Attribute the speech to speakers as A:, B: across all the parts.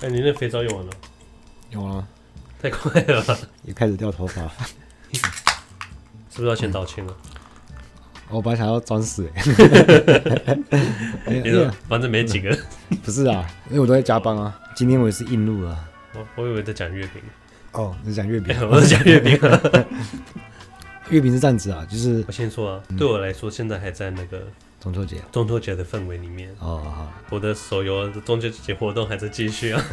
A: 哎、欸，你那肥皂用完了？
B: 用完了，太快了！也開始掉頭髮，
A: 是不是要先道歉了、啊，
B: 嗯？我本來想要裝死、欸。你 說、哎，反正沒幾個、嗯。不是啊，因為我都在加班啊。哦、今天我也是硬錄啊。
A: 我我以為在講月餅。
B: 哦，你講月餅、欸，我在講月餅、啊。 月餅是這樣子啊，就是我先說
A: 啊，對我來說，嗯、現在還在那個。中秋節、啊，中秋節的氛圍裡面哦，好好，我的手遊中秋節活動還在繼續啊。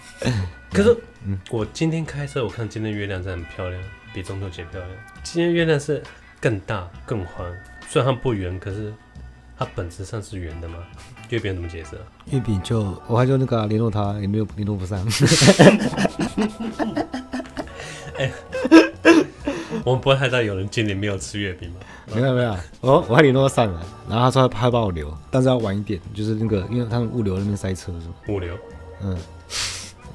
A: 可是、嗯嗯、我今天開車，我看今天月亮真的很漂亮，比中秋節漂亮。今天月亮是更大更黃，雖然它不圓，可是它本質上是圓的嗎？月餅怎麼解釋？
B: 月餅就我還就那個聯絡他，也沒有聯絡不上。
A: 哎， 我們不會害到有人今年沒有吃月餅嗎？
B: 沒有沒有，我我把你弄上了，然後他說他要幫我留，但是要晚一點，就是那個因為他們物流那邊塞車是吧？物流，嗯，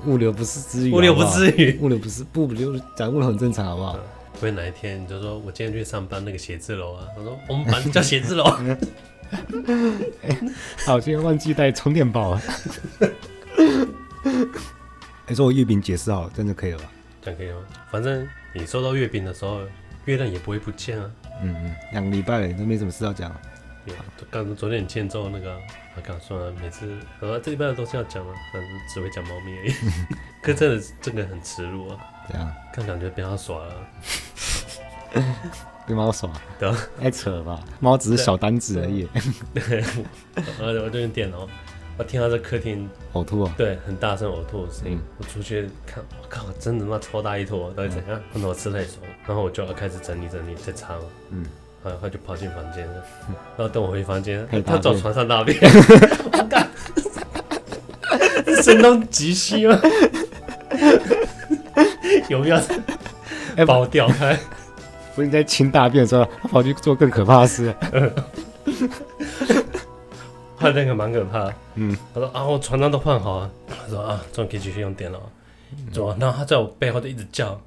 B: 物流不是至於，物流不至於，物流不是不物流，講物流很正常，好不好？
A: 不會哪一天你就說我今天去上班那個寫字樓啊，他說我們班叫寫字樓。
B: 好，今天忘記帶充電寶、啊 欸、了。你說我月餅解釋好，真的可以了吧？
A: 這樣可以嗎？反正你收到月餅的時候，月亮也不會不見啊。
B: 嗯嗯，兩個禮拜了都沒什麼事要講。
A: 對剛剛啊，啊，剛剛昨天欠揍那個，我剛說每次，好、啊、吧，這禮拜的東西要講了、啊，反正只會講貓咪而已。 可是真的， 真的很恥辱啊！對啊，看感覺被貓耍
B: 了， 被貓耍， 吧對，太扯了吧，貓只是小單子而已。
A: 我我這邊電腦。我聽到這客廳嘔吐啊，對，很大聲嘔吐的聲音。我出去看，我靠，真的媽超大一坨，到底怎樣？嗯？碰到我吃太熟，然後我就要開始整理整理，再擦嗯，然後就跑進房間，然後等我回房間，他、欸、走床上大便。我靠，聲東擊西嗎？ 有必要？哎、欸，把我調開？
B: 不應該清大便的時候，知道？他跑去做更可怕的事。呃
A: 他那個蠻可怕的，嗯，他說啊，我床單都換好了，他說啊，終於可以繼續用電腦，走，然後他在我背後就一直叫，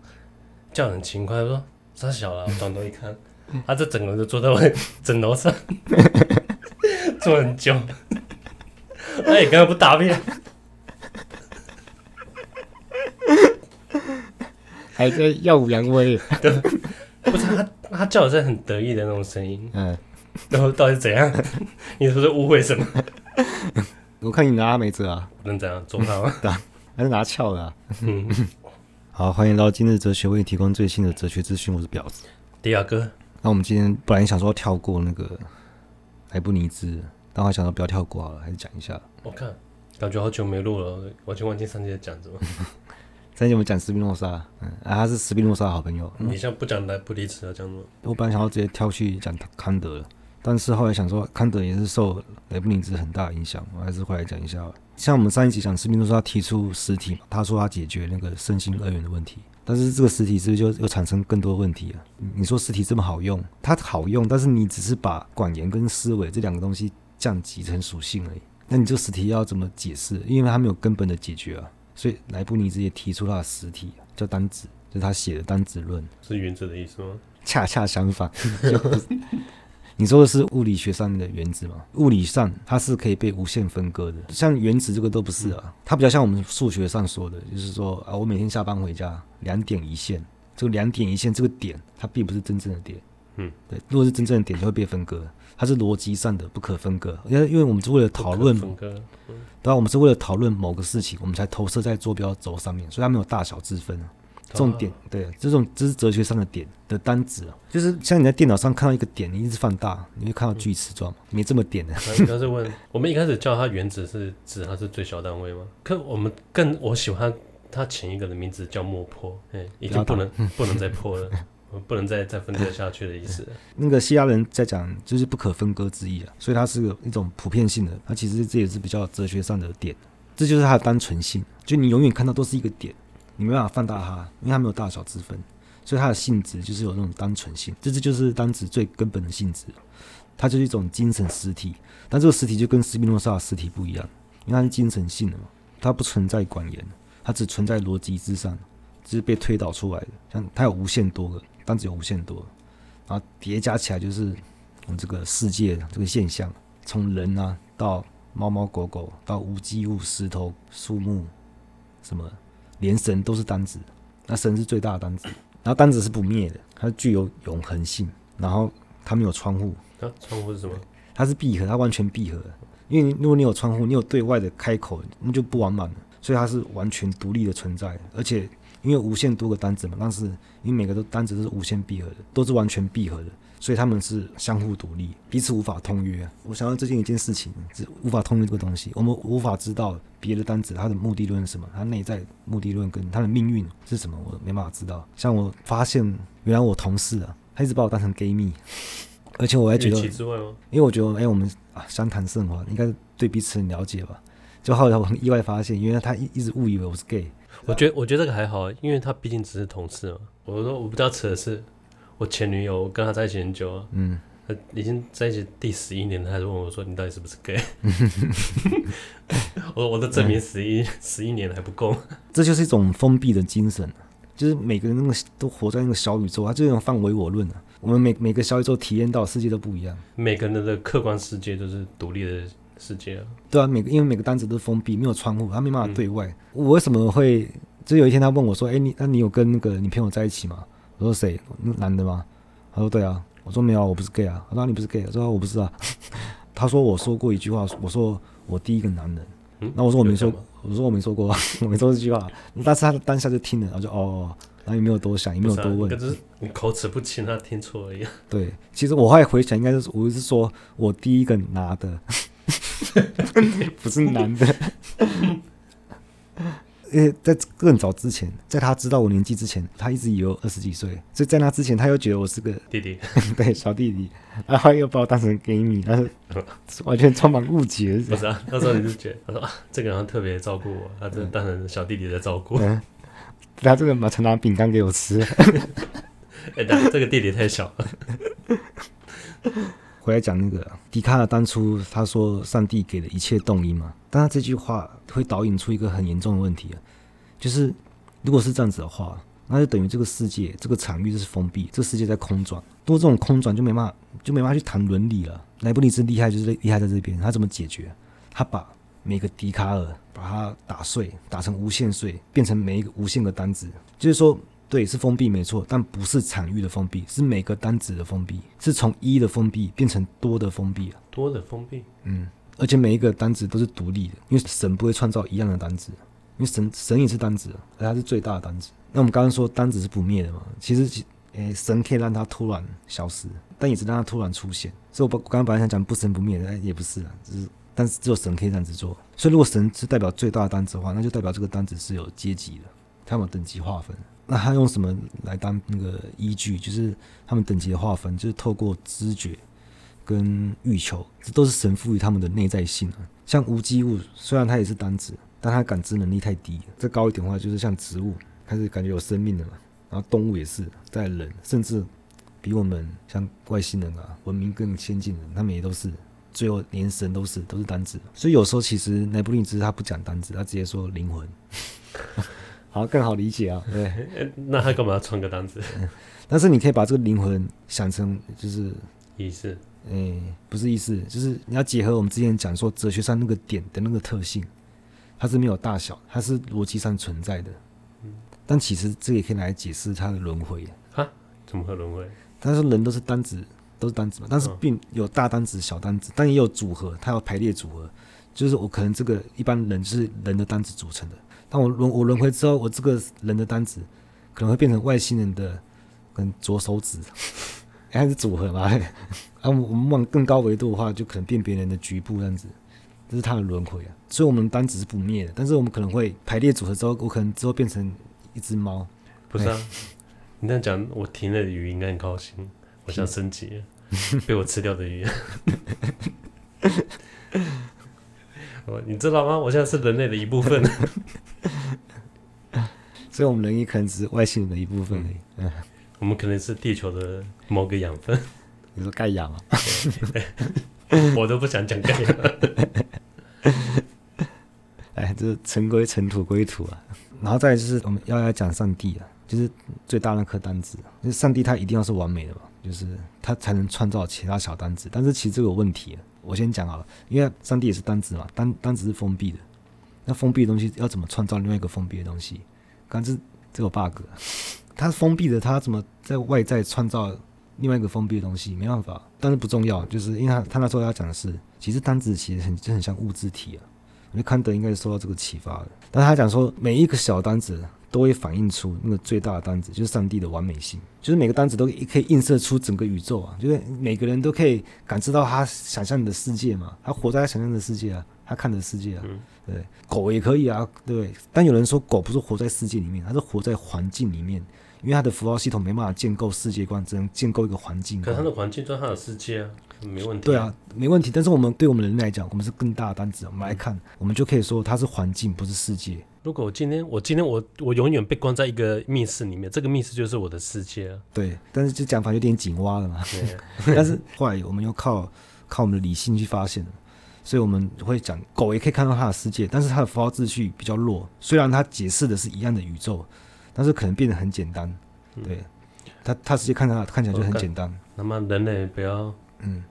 A: 叫很勤快，他說他小了，我轉頭一看， 他這整個人就坐在我的枕頭上，坐 很久。他也剛剛不答辯，
B: 還有個耀武揚威，對，不是他，
A: 他叫的是很得意的那種聲音，嗯。然 後到底
B: 是怎樣？ 你是不是誤會什麼？ 我看你拿阿梅哲啊，能怎樣？中到對啊， 還是拿翹的、啊。嗯、 好，歡迎來到今日的哲學，為你提供最新的哲學資訊。我是表子，迪亞哥。那我們今天本來想說跳過那個萊布尼茲，但我想到不要跳過好了，還是講一下。
A: 我看，感覺好久沒錄了，我就忘記上期講什麼。
B: 上 期我們講斯賓諾莎，嗯，啊、他是斯賓諾莎的好朋友。你、嗯、像不講萊布尼茲啊，這樣子。我本來想要直接跳去講康德但是後來想說，康德也是受萊布尼茨很大的影響，我還是會來講一下。像我們上一集講視頻，都說他提出實體嘛，他說他解決那個身心二元的問題。但是這個實體是不是就又產生更多問題啊？你說實體這麼好用，它好用，但是你只是把廣延跟思維這兩個東西降級成屬性而已。那你這個實體要怎麼解釋？因為他沒有根本的解決啊，所以萊布尼茨也提出他的實體叫單子，就是他寫的單子論。
A: 是原則的意思嗎？
B: 恰恰相反。 你說的是物理學上面的原子嗎？物理上它是可以被無限分割的，像原子這個都不是啊，它比較像我們數學上說的，就是說啊，我每天下班回家兩點，兩點一線，這個兩點一線這個點它並不是真正的點，嗯，對，如果是真正的點就會被分割，它是邏輯上的不可分割，因為因為我們是為了討論分割，嗯、然後我們是為了討論某個事情，我們才投射在坐標軸上面，所以它沒有大小之分。重點對，這種這是哲學上的點的單子，就是像你在電腦上看到一個點，你一直放大，你會看到鋸齒狀，沒這麼點的，嗯。那，嗯 啊，剛
A: 才問我們一開始叫它原子，是指它是最小單位嗎？可我們更，我喜歡它前一個的名字叫莫破，哎，已經不能不能再破了， 不能再再分割下去的意思，嗯
B: 嗯嗯。那個希臘人在講就是不可分割之意啊，所以它是有一種普遍性的，它其實這也是比較哲學上的點，這就是它的單純性，就你永遠看到都是一個點。你沒辦法放大它，因為它沒有大小之分，所以它的性質就是有那種單純性。這隻就是單子最根本的性質，它就是一種精神實體。但這個實體就跟斯賓諾莎的實體不一樣，因為它是精神性的嘛，它不存在廣延，它只存在邏輯之上，這，就是被推導出來的。像它有無限多個單子有無限多，然後疊加起來就是我們這個世界這個現象，從人啊到貓貓狗狗到無機物石頭樹木什麼。連神都是單子，那神是最大的單子，然後單子是不滅的，它具有永恆性，然後它沒有窗戶。啊，
A: 窗戶是什麼？
B: 它是閉合，它完全閉合。因為如果你有窗戶，你有對外的開口，那就不完滿了。所以它是完全獨立的存在，而且因為無限多個單子嘛，但是你每個都單子都是無限閉合的，都是完全閉合的。所以他們是相互獨立，彼此無法通約。我想到最近一件事情，是無法通約這個東西，我們無法知道別的單子它的目的論是什麼，它內在目的論跟它的命運是什麼，我沒辦法知道。像我發現，原來我同事啊，他一直把我當成 gay 蜜，而且我還覺得，因為我覺得哎，我們啊相談甚歡，應該對彼此很了解吧，就後來我很意外發現，原來他一一直誤以為我是 gay 是
A: 吧？我覺得我覺得這個還好，因為他畢竟只是同事嘛。我說我不知道此事。我前女友我跟他在一起很久了，啊。嗯，她已經在一起第十一年了，他就問我說：“你到底是不是 gay？” 我說：“我都證明十一十一年了還不夠。”
B: 這就是一種封閉的精神、啊，就是每個人那個都活在那個小宇宙，他這種放唯我論啊。我們每每個小宇宙體驗到的世界都不一樣，每
A: 個人的客觀世界都是獨立的世界、啊。
B: 對啊，每個因為每個單子都是封閉，沒有窗戶，他沒辦法對外、嗯。我為什麼會？就有一天他問我說：“哎、欸，你那你有跟那個女朋友在一起嗎？”我說誰？男的嗎？他說對啊。我說沒有啊，我不是 gay 啊。我說、啊、你不是 gay。我說、啊、我不是啊。他說我說過一句話，我說我第一個男人。那、嗯、我說我沒說，我說我沒說過、啊，我沒說過這句話、啊。但是他當下就聽了，然後就哦，然後也沒有多想，也沒有多問。可
A: 是、啊、你，你口齒不清，他聽錯而已。
B: 對，其實我還回想，應該、就是我是說我第一個拿的， 不是男的。 因、欸、為在更早之前，在他知道我年紀之前，他一直以為我二十幾歲，所以在那之前，他又覺得我是個弟弟， 對，小弟弟，然後又把我當成給你。他是完全充滿誤解。不 是啊，他說你
A: 是覺得，他說啊，這個人特別照顧我，他真的當成小弟弟在照顧、
B: 嗯，嗯，他這個把他拿餅乾給我吃，
A: 哎、 欸，但這個弟弟太小了。
B: 回來講那個笛卡爾，當初他說上帝給了一切動因嘛，但他這句話會導引出一個很嚴重的問題啊，就是如果是這樣子的話，那就等於這個世界這個場域就是封閉，這個、世界在空轉，如果這種空轉就沒辦法就沒辦法去談倫理了。萊布尼茨厲害就是厲害在這邊，他怎麼解決？他把每個笛卡爾把它打碎，打成無限碎，變成每一個無限的單子，就是說。對，是封閉，沒錯，但不是場域的封閉，是每個單子的封閉，是從一的封閉變成多的封閉了、啊。
A: 多的封閉，嗯，
B: 而且每一個單子都是獨立的，因為神不會創造一樣的單子，因為神神也是單子，而它是最大的單子。那我們剛剛說單子是不滅的嘛？其實，誒、欸，神可以讓它突然消失，但也是讓它突然出現。所以，我剛我剛剛本來想講不生不滅，但、欸、也不是啊，只是但是只有神可以這樣子做。所以，如果神是代表最大的單子的話，那就代表這個單子是有階級的。他們等級劃分，那他用什麼來當那個依據？就是他們等級的劃分，就是透過知覺跟欲求，這都是神賦予他們的內在性啊。像無機物，雖然它也是單子，但它感知能力太低。再高一點的話，就是像植物開始感覺有生命了嘛，然後動物也是，在人甚至比我們像外星人啊，文明更先進的，他們也都是最後連神都是都是單子。所以有時候其實萊布尼茲他不講單子，他直接說靈魂。 好，更好理解啊、喔。
A: 對，欸、那他幹嘛要創個單子？
B: 但是你可以把這個靈魂想成就是意識，嗯、欸，不是意識，就是你要結合我們之前講說哲學上那個點的那個特性，它是沒有大小，它是邏輯上存在的。
A: 嗯。
B: 但其實這也可以來解釋它的輪迴。啊？怎麼會輪迴？他說人都是單子，都是單子嘛。但是並有大單子、小單子，但也有組合，它要排列組合。就是我可能這個一般人就是人的單子組成的。但我輪我輪回之後，我這個人的單子可能會變成外星人的，可能左手指、欸，還是組合吧、欸。啊，我們往更高維度的話，就可能變別人的局部這樣子，這是它的輪回啊。所以，我們單子是不滅的，但是我們可能會排列組合之後，我可能之後變成一隻貓。不是啊，
A: 欸、你這樣講，我體內的魚應該很高興，我想升級， 被我吃掉的魚。我 你知道嗎？我現在是人類的一部分。
B: 所以，我們人也可能只是外星人的一部分而已。嗯，
A: 我們可能是地球的某個養分。你說蓋亞啊？ 我都不想講蓋亞。 哎，
B: 這、就是塵歸塵，土歸土啊。然後再來就是我們要要講上帝啊，就是最大那顆單子。那上帝他一定要是完美的嘛，就是他才能創造其他小單子。但是其實這個有問題、啊、我先講好了，因為上帝也是單子嘛，單單子是封閉的。那封閉的東西要怎麼創造另外一個封閉的東西？感知這個 bug，他封閉的，他怎麼在外在創造另外一個封閉的東西？沒辦法，但是不重要，就是因為他，他那時候要講的是，其實單子其實很就很像物質體啊。我覺得康德應該是受到這個啟發的。但是他講說，每一個小單子都會反映出那個最大的單子，就是上帝的完美性，就是每個單子都可以映射出整個宇宙啊，就是每個人都可以感知到他想象的世界嘛，他活在他想象的世界啊，他看的世界啊。嗯對，狗也可以啊，對，但有人說狗不是活在世界裡面，它是活在環境裡面，因為它的符號系統沒辦法建構世界觀，只能建構一個環境。可它的
A: 環境就是它的世界啊，沒問題，啊。對啊，沒
B: 問題。但是我們對我們人類來講，我們是更大的單子，嗯、我們來看，我們就可以說它是環境，不是世界。
A: 如果我今天，我今天我，我我永遠被關在一個密室裡面，這個密室就是我的世界。
B: 對，但是這講法有點井蛙了嘛。對， 但是壞，嗯、後來我們又靠靠我們的理性去發現。所以我們會講，狗也可以看到它的世界，但是它的符號秩序比較弱。雖然它解釋的是一樣的宇宙，但是可能變得很簡單。嗯、對，它它直接看到它看起來就很簡單。
A: 那麼人類不要，嗯，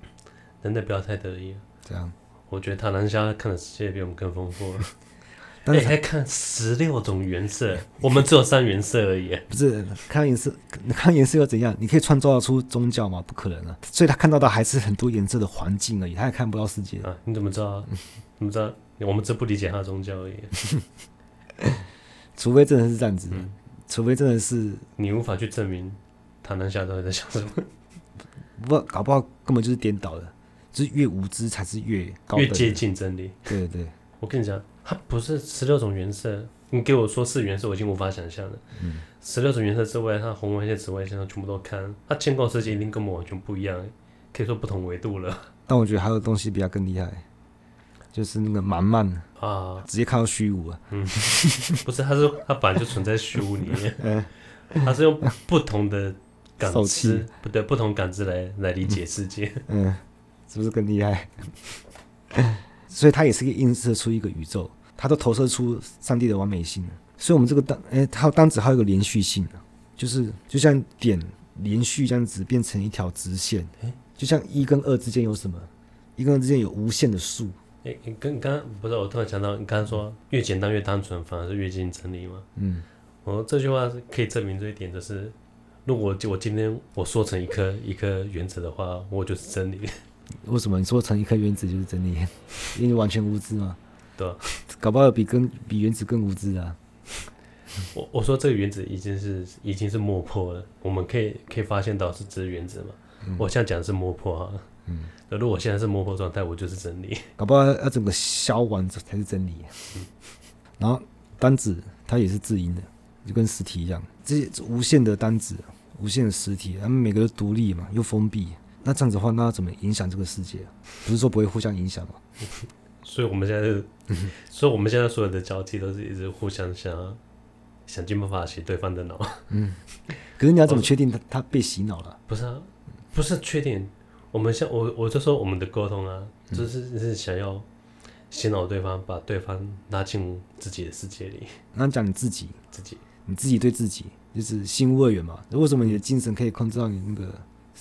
A: 人類不要太得意。這樣，我覺得螳螂蝦看的世界比我們更豐富了。 但是他還、欸欸、看十六種顏色， 我們只有三原色而已。不
B: 是看顏色，看顏色又怎樣？你可以創造出宗教嗎？不可能啊！所以他看到的還是很多顏色的環境而已，他也看不到世界啊！
A: 你怎麼知道？怎麼知道？ 我們只不理解他的宗教而已。
B: 除非真的是這樣子，嗯、除非真的是你無
A: 法去證明
B: 他當下都在想什麼。 不，搞不好根本就是顛倒的，就是越無知才是越高，越接近真理。對對，
A: 我跟你講。它不是十六種顏色，你給我說是顏色，我已經無法想象了。十、嗯、六種顏色之外，它紅外線、紫外線都全部都看。它建構世界一定跟我們完全不一樣，可以說不同維度了。
B: 但我覺得還有東西比較更厲害，就是那個盲曼啊，直接看到虛無啊。嗯，
A: 不是，它是它本來就存在虛無裡面。嗯、 它是用不同的感知，不對，不同感知來來理解世界。嗯，
B: 是不是更厲害？ 所以它也是可以映射出一個宇宙，它都投射出上帝的完美性。所以我們這個單，哎、欸，它單子還有一個連續性，就是就像點連續這樣子變成一條直線。欸、就像一跟二之間有什麼？一跟二之間有無限的數。
A: 哎、欸，跟你跟剛不是我突然想到你剛剛，你剛剛說越簡單越單純，反而是越接近真理嗎？嗯，我這句話是可以證明這一點，就是如果我，我今天我說成一顆一顆原則的話，我就是真理。
B: 為什麼你說成一顆原子就是真理？ 因為完全無知嘛。對、啊，搞不好比跟比原子更無知啊！
A: 我我說這個原子已經是已經是磨破了，我們可以可以發現到是這原子嘛。嗯、我現在講的是磨破啊。嗯，如果現在是磨破狀態，我就是真理。
B: 搞不好要整個消完才是真理。 然後單子它也是自因的，就跟實體一樣，這些是無限的單子、無限的實體，它們每個都獨立嘛，又封閉。那這樣子的話，那要怎麼影響這個世界？啊？不是說不會互相影響嗎？
A: 啊？所以我們現在是， 所以我們現在所有的交際都是一直互相想，想盡辦法洗對方的腦。
B: 嗯，可是你要怎麼確定他他被洗腦了？不是啊，
A: 不是確定。我們像我，我就說我們的溝通啊，嗯、就是是想要洗腦對方，把對方拉進自己的世界
B: 裡。那講你自己，自己，你自己對自己，就是心物二元嘛？為什麼你的精神可以控制到你那個？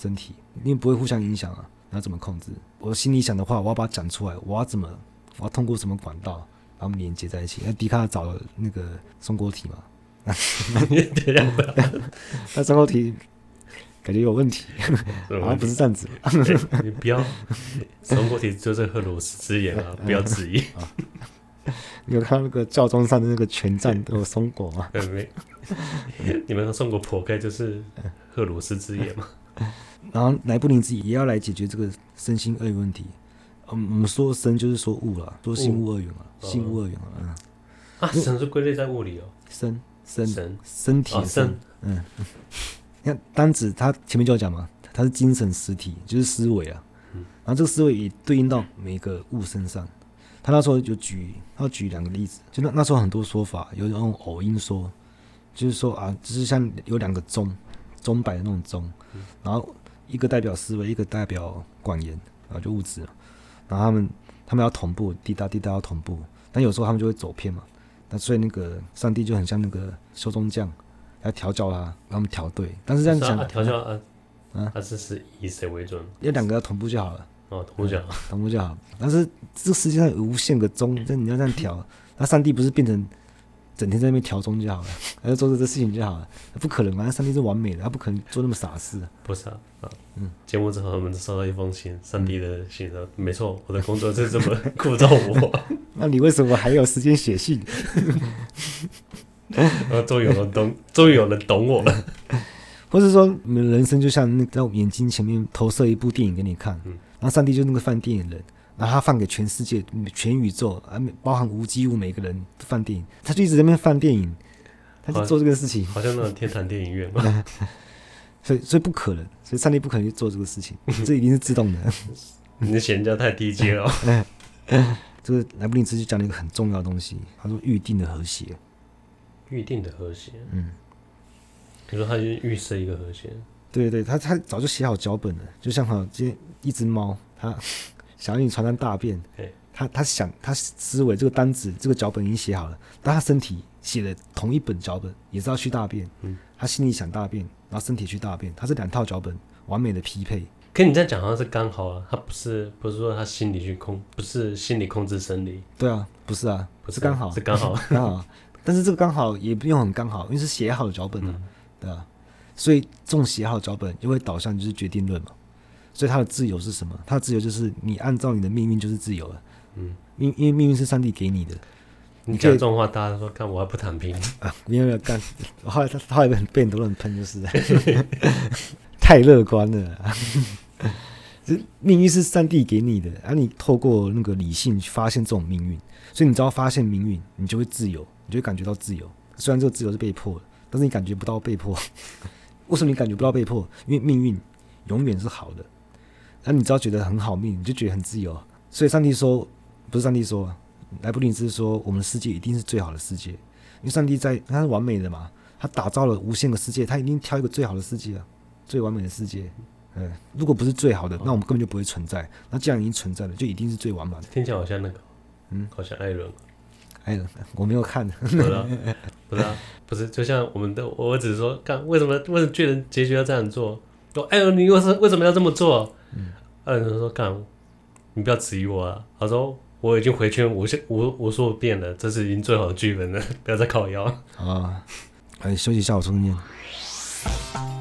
B: 身體因為不會互相影響啊，然後怎麼控制？我心裡想的話，我要把它講出來，我要怎麼，我要通過什麼管道然後連接在一起？那、啊、笛卡找了那個松果體嘛？那 松果體感覺有問題，好像、啊、不是這樣子。你不要松果體
A: 就是荷魯斯之眼啊，欸、不要質疑
B: 啊。 你有看那個教宗上的那個權杖有松果嗎？欸、
A: 你們松果破蓋就是荷魯斯之眼嗎？
B: 然後萊布尼茨也也要來解決這個身心二元問題。嗯，我們說“身”就是說物了，說心物二元了，心物，物二元了、哦。嗯，啊，神是
A: 歸類在物理哦。
B: 身身身體。身。身體身哦、嗯。你看單子他前面就要講嘛，他是精神實體，就是思維啊。嗯。然後這個思維也對應到每個物身上。他、嗯、那時候就舉他舉兩個例子，就那那時候很多說法，有那種偶因說，就是說啊，就是像有兩個鐘，鐘擺的那種鐘、嗯，然後。一個代表思維，一個代表廣延，然後就物質，然後他們他們要同步，滴答滴答要同步，但有時候他們就會走偏嘛。那所以那個上帝就很像那個修鐘匠，要調教他，讓他們調對。但是這樣講，調教啊啊，他是是以誰為準？要兩個要同步就好了，哦，同步就好，同步就好。但是這世界上有無限個鐘，那、嗯、你要這樣調， 那上帝不是變成？整天在那邊調鐘就好了，還要做著這事情就好了，不可能嘛、啊？上帝是完美的，他不可能做那麼傻事、啊。
A: 不是啊，啊嗯，節目之後，我們收到一封信，上帝的信說、嗯：“沒錯，我的工作就是這麼枯燥無
B: 味。”我， 那你為什麼還有時間寫信、 啊？終於有人
A: 懂，終於有人懂我了、嗯。
B: 或者說，你的人生就像那在我眼睛前面投射一部電影給你看，嗯、然後上帝就那個放電影的人。然後他放給全世界、全宇宙啊，包含無機物，每個人都放電影，他就一直在那邊放電影，他就做這個事情。好像，好像那
A: 種天堂電影院
B: 嘛、 嗯。所以，所以不可能，所以上帝不可能去做這個事情， 這一定是自動的。 你
A: 的閒家太低級了、
B: 哦。這個萊布尼茲就講了一個很重要的東西，他說預定的和諧。
A: 預定的和諧。嗯。比如說，他就預設一個和
B: 諧。對對，他他早就寫好腳本了，就像好今天一隻貓，他。想要你傳單大便，他他想他思維這個單子這個腳本已經寫好了，但他身體寫了同一本腳本，也是要去大便。嗯，他心裡想大便，然後身體去大便，他是兩套腳本完美的匹配。
A: 可你在講的是剛好啊。他不是不是說他心理去控，不是心理控制生理。
B: 對啊，不是啊，不是剛好，是剛好啊，剛好。但是這個剛好也不用很剛好，因為是寫好的腳本啊、嗯，對啊。所以這種寫好的腳本因為導向就是決定論嘛。所以他的自由是什麼？他的自由就是你按照你的命運就是自由了。嗯，命因為命運是上帝給你的。嗯、你講這
A: 種話，大家都說幹我還不躺平啊？
B: 沒有沒有，幹後來他後來被很多很多人噴，就是 太樂觀了。這、啊、 命運是上帝給你的，而、啊、你透過那個理性去發現這種命運，所以你只要發現命運，你就會自由，你就會感覺到自由。雖然這個自由是被迫的，但是你感覺不到被迫。為什麼你感覺不到被迫？因為命運永遠是好的。那、啊、你只要覺得很好命，你就覺得很自由。所以上帝說，不是上帝說，萊布尼茲說，我們的世界一定是最好的世界，因為上帝在，他是完美的嘛，他打造了無限個世界，他一定挑一個最好的世界，最完美的世界。嗯，如果不是最好的，那我們根本就不會存在。哦、那既然已經存在了，就一定是最完滿的。聽起來好像那個，嗯，好像艾倫、啊，艾、嗯、倫、哎，我沒有看， 不知道，不知
A: 道，不是，就像我們的，我只是說，幹為什麼，為什麼巨人結局要這樣做？艾、哦、倫、哎，你又是為什麼要這麼做？嗯，二人說幹，你不要質疑我啊！他說我已經迴圈無，無，無數遍了，這是已經最好的劇本了，不要再靠腰
B: 啊！哎，休息一下我，我抽根煙。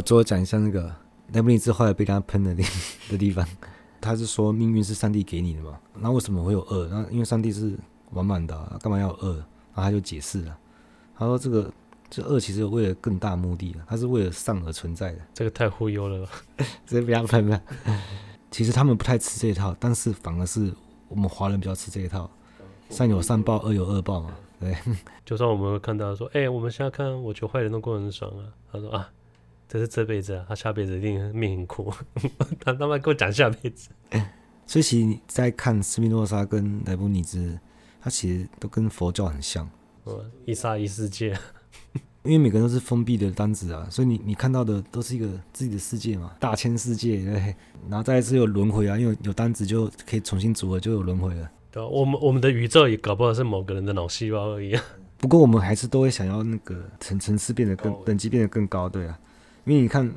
B: 我最後講一下那個萊布尼茲，後來被他噴的那的地方，他是說命運是上帝給你的嘛，那為什麼會有惡？那因為上帝是完滿的，啊，幹嘛要有惡？然後他就解釋了，他說這個這惡其實為了更大的目的，他是為了善而存在的。
A: 這個太忽悠了
B: 吧， 直接不要噴了。 其實他們不太吃這一套，但是反而是我們華人比較吃這一套，善有善報，惡有惡報嘛。對，
A: 就算我們會看到說，哎，欸，我們現在看，我覺得壞人的過很爽啊。他說啊。這是這輩子，啊，他，啊、下輩子一定命很苦。 他他媽給我講下輩子，
B: 欸。所以其實你在看斯密諾莎跟萊布尼茲，他其實都跟佛教很像。
A: 哦，一沙一世界，
B: 因為每個人都是封閉的單子啊，所以你你看到的都是一個自己的世界嘛，大千世界。欸，然後再一次有輪回啊，因為有，有單子就可以重新組合，就有輪回了。
A: 對，我們我們的宇宙也搞不好是某個人的腦細胞而已、啊。
B: 不過我們還是都會想要那個層層次變得更等級變得更高，對啊。因為你看，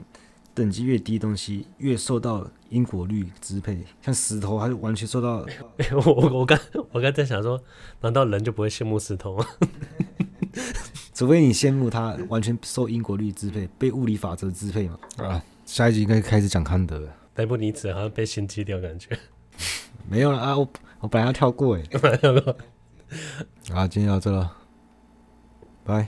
B: 等級越低，東西越受到因果律支配。像石頭，它就完全受到……欸、我
A: 我剛我剛在想說，難道人就不會羨慕石頭嗎？
B: 除非你羨慕他，完全受因果律支配，被物理法則支配嘛、哦？啊，下一集應該開始講康德了。
A: 萊布尼茨好像被先切掉，感覺
B: 沒有了啊！我我本來要跳過，哎，本來跳過。好、啊，今天到這了，拜。